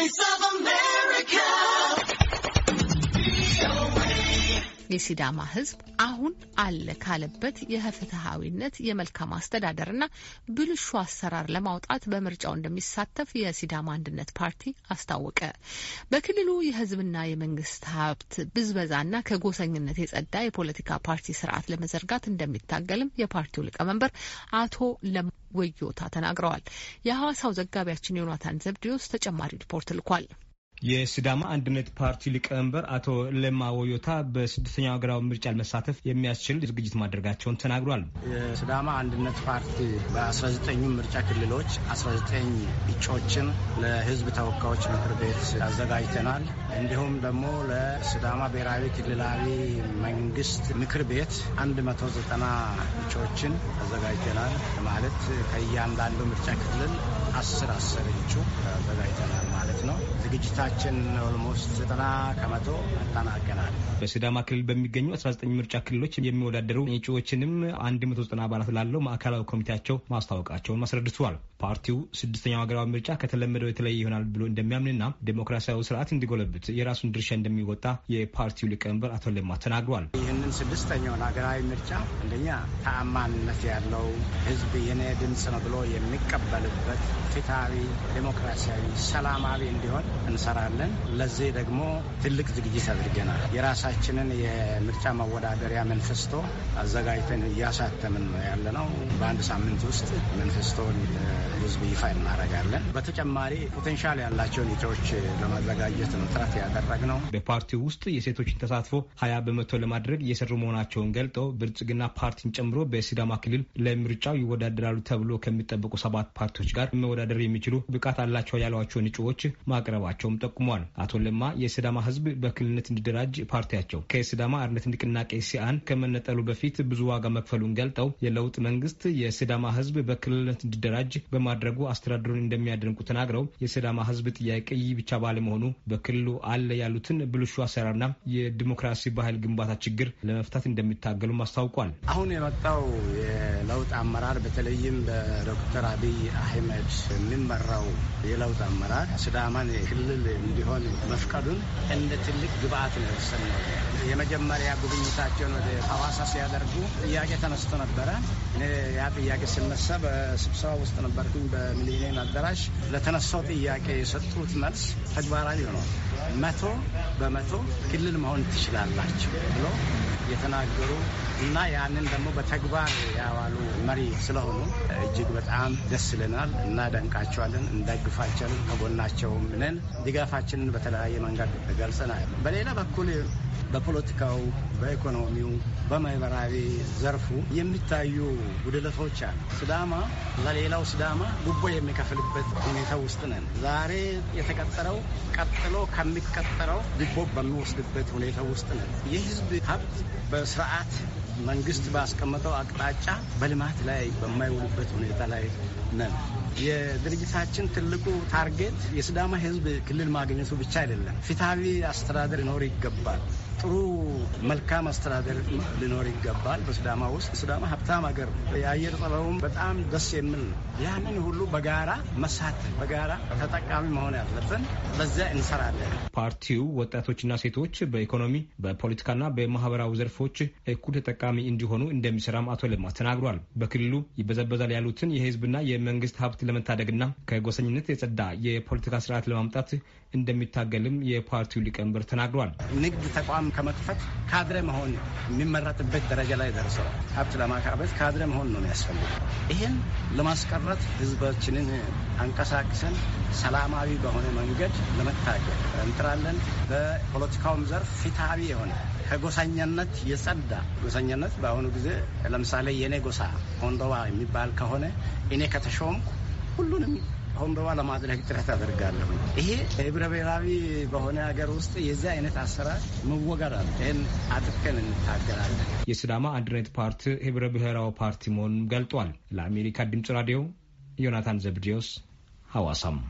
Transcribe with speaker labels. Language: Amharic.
Speaker 1: Voice of የሲዳማ ህዝብ አሁን አለ ካለበት የፍትሐዊነት የመልካም አስተዳደርና ብልሹ አሰራር ለማውጣት በምርጫው እንደሚሳተፍ የሲዳማ አንድነት ፓርቲ አስታወቀ። በክልሉ የህዝብና የመንግስት ሀብት ብዝበዛና ከጎሰኝነት የጸዳ የፖለቲካ ፓርቲ ስርዓት ለመዘርጋት እንደሚታገልም የፓርቲው ሊቀመንበር አቶ ለወዮታ ተናግረዋል። የሐዋሳው ዘጋቢያችን ዮናታን ዘብዲዮስ ተጨማሪ ሪፖርት ልኳል። የሲዳማ አንድነት ፓርቲ ሊቀመንበር አቶ ለማ ወዮታ በስድስተኛው ሀገራዊ ምርጫ ለመሳተፍ የሚያስችል ዝግጅት ማድረጋቸውን ተናግሯል።
Speaker 2: የሲዳማ አንድነት ፓርቲ በ19ኙ ምርጫ ክልሎች 19 እጩዎችን ለህዝብ ተወካዮች ምክር ቤት አዘጋጅተናል። እንዲሁም ደግሞ ለሲዳማ ብሔራዊ ክልላዊ መንግስት ምክር ቤት 190 እጩዎችን አዘጋጅተናል። ማለት ከእያንዳንዱ ምርጫ ክልል አስር አስር እጩ አዘጋጅተናል ማለት ነው ዝግጅታ ምርጫችን ኦልሞስት ዘጠና ከመቶ አጠናቀናል።
Speaker 1: በሲዳማ ክልል በሚገኙ 19 ምርጫ ክልሎች የሚወዳደሩ እጩዎችንም 190 አባላት ላለው ማዕከላዊ ኮሚቴያቸው ማስታወቃቸውን አስረድተዋል። ፓርቲው ስድስተኛው ሀገራዊ ምርጫ ከተለመደው የተለየ ይሆናል ብሎ እንደሚያምንና ዴሞክራሲያዊ ስርዓት እንዲጎለብት የራሱን ድርሻ እንደሚወጣ የፓርቲው ሊቀመንበር አቶ ለማ ተናግሯል።
Speaker 2: ይህንን ስድስተኛውን ሀገራዊ ምርጫ አንደኛ ተአማንነት ያለው ህዝብ የኔ ድምፅ ነው ብሎ የሚቀበልበት ፍትሐዊ፣ ዴሞክራሲያዊ፣ ሰላማዊ እንዲሆን እንሰራ እንሰራለን። ለዚህ ደግሞ ትልቅ ዝግጅት አድርገናል። የራሳችንን የምርጫ መወዳደሪያ መንፈስቶ አዘጋጅተን እያሳተምን ነው ነው። በአንድ ሳምንት ውስጥ መንፈስቶን ህዝብ ይፋ እናደርጋለን። በተጨማሪ ፖቴንሻል ያላቸውን እጩዎች ለማዘጋጀት ነው ጥረት ያደረግነው።
Speaker 1: በፓርቲው ውስጥ የሴቶችን ተሳትፎ ሀያ በመቶ ለማድረግ እየሰሩ መሆናቸውን ገልጠው ብልጽግና ፓርቲን ጨምሮ በሲዳማ ክልል ለምርጫው ይወዳደራሉ ተብሎ ከሚጠበቁ ሰባት ፓርቲዎች ጋር መወዳደር የሚችሉ ብቃት አላቸው ያሏቸውን እጩዎች ማቅረባቸውም ጠቁሟል። አቶ ለማ የሲዳማ ህዝብ በክልልነት እንዲደራጅ ፓርቲያቸው ከስዳማ አርነት ንቅናቄ ሲአን ከመነጠሉ በፊት ብዙ ዋጋ መክፈሉን ገልጠው የለውጥ መንግስት የሲዳማ ህዝብ በክልልነት እንዲደራጅ በማድረጉ አስተዳደሩን እንደሚያደንቁ ተናግረው የስዳማ ህዝብ ጥያቄ ይህ ብቻ ባለመሆኑ በክልሉ አለ ያሉትን ብልሹ አሰራርና የዲሞክራሲ ባህል ግንባታ ችግር ለመፍታት እንደሚታገሉም አስታውቋል።
Speaker 2: አሁን የመጣው የለውጥ አመራር በተለይም በዶክተር አብይ አህመድ የሚመራው የለውጥ አመራር ስዳማን ክልል እንዲሆን መፍቀዱን እንደ ትልቅ ግብአት ነው የተሰማው። የመጀመሪያ ጉብኝታቸውን ወደ ሀዋሳ ሲያደርጉ ጥያቄ ተነስቶ ነበረ። ያ ጥያቄ ስነሳ በስብሰባ ውስጥ ነበርኩኝ በሚሊኒየም አዳራሽ። ለተነሳው ጥያቄ የሰጡት መልስ ተግባራዊ ሆኗል። መቶ በመቶ ክልል መሆን ትችላላችሁ ብሎ የተናገሩ እና ያንን ደግሞ በተግባር ያዋሉ መሪ ስለሆኑ እጅግ በጣም ደስ ይለናል። እናደንቃቸዋለን፣ እንደግፋቸዋለን፣ ከጎናቸውም ምንን ድጋፋችንን በተለያየ መንገድ ገልጸናል። በሌላ በኩል በፖለቲካው፣ በኢኮኖሚው፣ በማህበራዊ ዘርፉ የሚታዩ ጉድለቶች አሉ። ስዳማ ለሌላው ስዳማ ጉቦ የሚከፍልበት ሁኔታ ውስጥ ነን። ዛሬ የተቀጠረው ቀጥሎ ከሚቀጠረው ጉቦ በሚወስድበት ሁኔታ ውስጥ ነን። የህዝብ ሀብት በስርዓት መንግስት ባስቀመጠው አቅጣጫ በልማት ላይ በማይውልበት ሁኔታ ላይ ነን። የድርጅታችን ትልቁ ታርጌት የስዳማ ህዝብ ክልል ማግኘቱ ብቻ አይደለም፣ ፍትሐዊ አስተዳደር ይኖር ይገባል። ጥሩ መልካም አስተዳደር ሊኖር ይገባል። በሱዳማ ውስጥ ሱዳማ ሀብታም ሀገር ነው። የአየር ጠባዩም በጣም ደስ የሚል ነው። ያንን ሁሉ በጋራ መሳት በጋራ ተጠቃሚ መሆን ያለብን በዚያ እንሰራለን።
Speaker 1: ፓርቲው ወጣቶችና ሴቶች በኢኮኖሚ በፖለቲካና በማህበራዊ ዘርፎች እኩል ተጠቃሚ እንዲሆኑ እንደሚሰራም አቶ ለማ ተናግሯል። በክልሉ ይበዘበዛል ያሉትን የህዝብና የመንግስት ሀብት ለመታደግና ከጎሰኝነት የጸዳ የፖለቲካ ስርዓት ለማምጣት እንደሚታገልም የፓርቲው ሊቀመንበር ተናግሯል።
Speaker 2: ንግድ ተቋም ስም ከመጥፋት ካድሬ መሆን የሚመረጥበት ደረጃ ላይ ደርሰዋል። ሀብት ለማካበት ካድሬ መሆን ነው የሚያስፈልገው። ይህን ለማስቀረት ህዝባችንን አንቀሳቅሰን ሰላማዊ በሆነ መንገድ ለመታገል እንጥራለን። በፖለቲካውም ዘርፍ ፍትሃዊ የሆነ ከጎሳኛነት የጸዳ ጎሳኛነት በአሁኑ ጊዜ ለምሳሌ የኔ ጎሳ ሆንዶባ የሚባል ከሆነ እኔ ከተሾምኩ ሁሉንም አሁን በኋላ ለማድረግ ጥረት አደርጋለሁ። ይሄ ህብረ ብሔራዊ በሆነ ሀገር ውስጥ የዚህ አይነት አሰራር መወገር አለ። ይህን አጥብቀን እንታገላለን።
Speaker 1: የስዳማ አንድነት ፓርቲ ህብረ ብሔራዊ ፓርቲ መሆኑን ገልጧል። ለአሜሪካ ድምጽ ራዲዮ ዮናታን ዘብዲዮስ ሐዋሳም